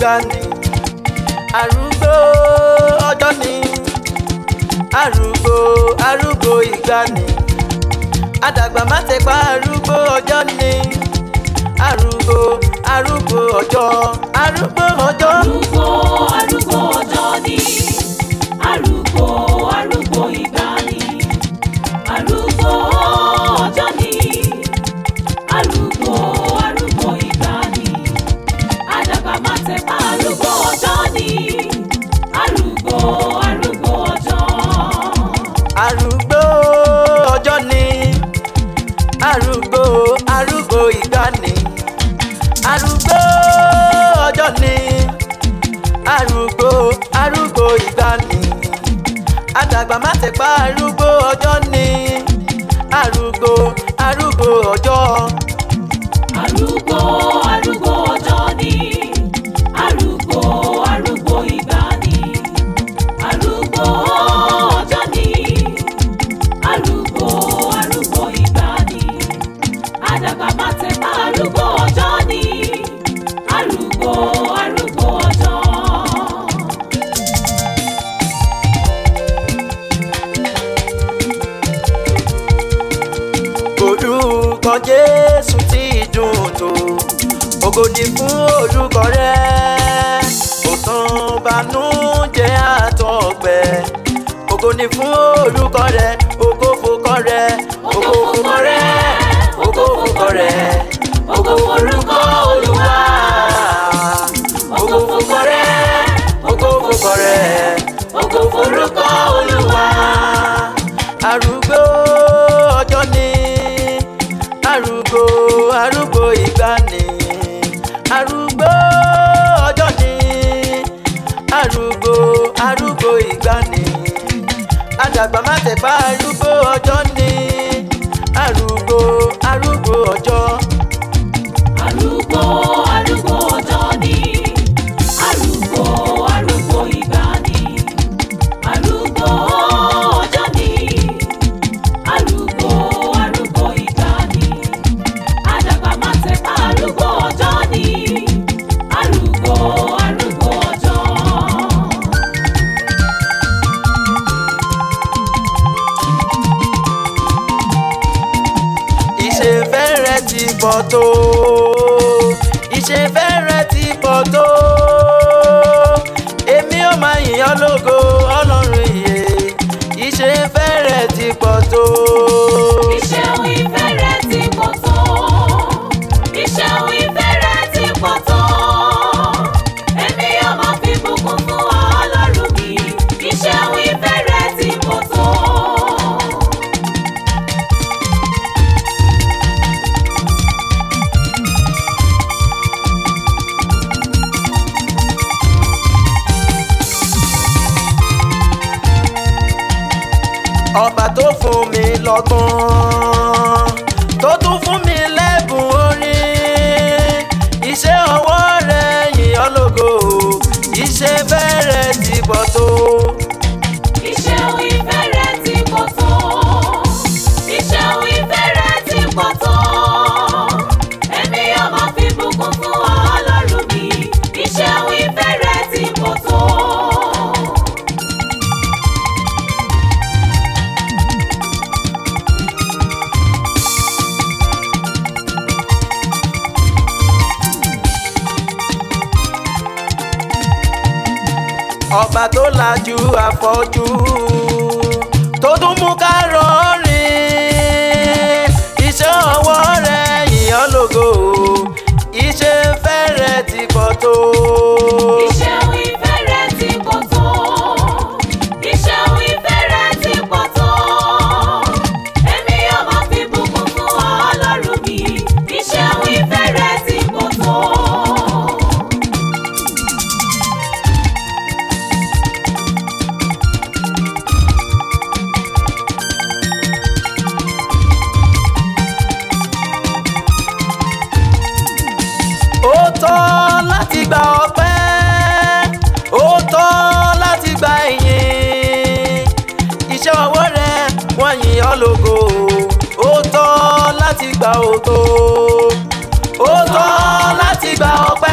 Gandhi arúgbó ọjọ́ ni arúgbó arúgbó ìgbà ni àdàgbà má ti pa arúgbó ọjọ́ ni arúgbó arúgbó ọjọ́ arúgbó ọjọ́. arúgbó arúgbó ọjọ́ ni arúgbó arúgbó. arúgbó ìgbàanì àdàgbà má tẹ̀pá arúgbó ọjọ́ ògòdì fún olùkọ́ rẹ òtàn banújẹ́ àtọ̀gbẹ́ ògòdì fún olùkọ́ rẹ ògòfòkọ́ rẹ ògòfòkọ́ rẹ ògòfòkọ́ rẹ ògòforúkọ Olúwa ògòfòkọ́ rẹ ògòfòkọ́ rẹ ògòforúkọ Olúwa arúgbó ọjọ́ ni arúgbó. dání àdàgbà má tẹ̀pá arúgbó ọjọ́ ní. pọ̀ tó ìṣèfẹ́ rẹ ti pọ̀ tó èmi ò máa yìn ọ́ lógo ọlọ́run ìyè ìṣèfẹ́ rẹ ti pọ̀ ọba tó fún mi lọ́gbọ́n tó tún fún mi ọba tó lajú afọ́jú tó tún mú ká rọrin iṣẹ́ ọwọ́ rẹ̀ ìyọ́lógo iṣẹ́ fẹ́rẹ̀ ti pọ̀ tó. iṣẹ́ ọwọ́ rẹ wọ́n yìn ọ́ lógo ó tọ́ láti gba ògo ó tọ́ láti gba ọpẹ́.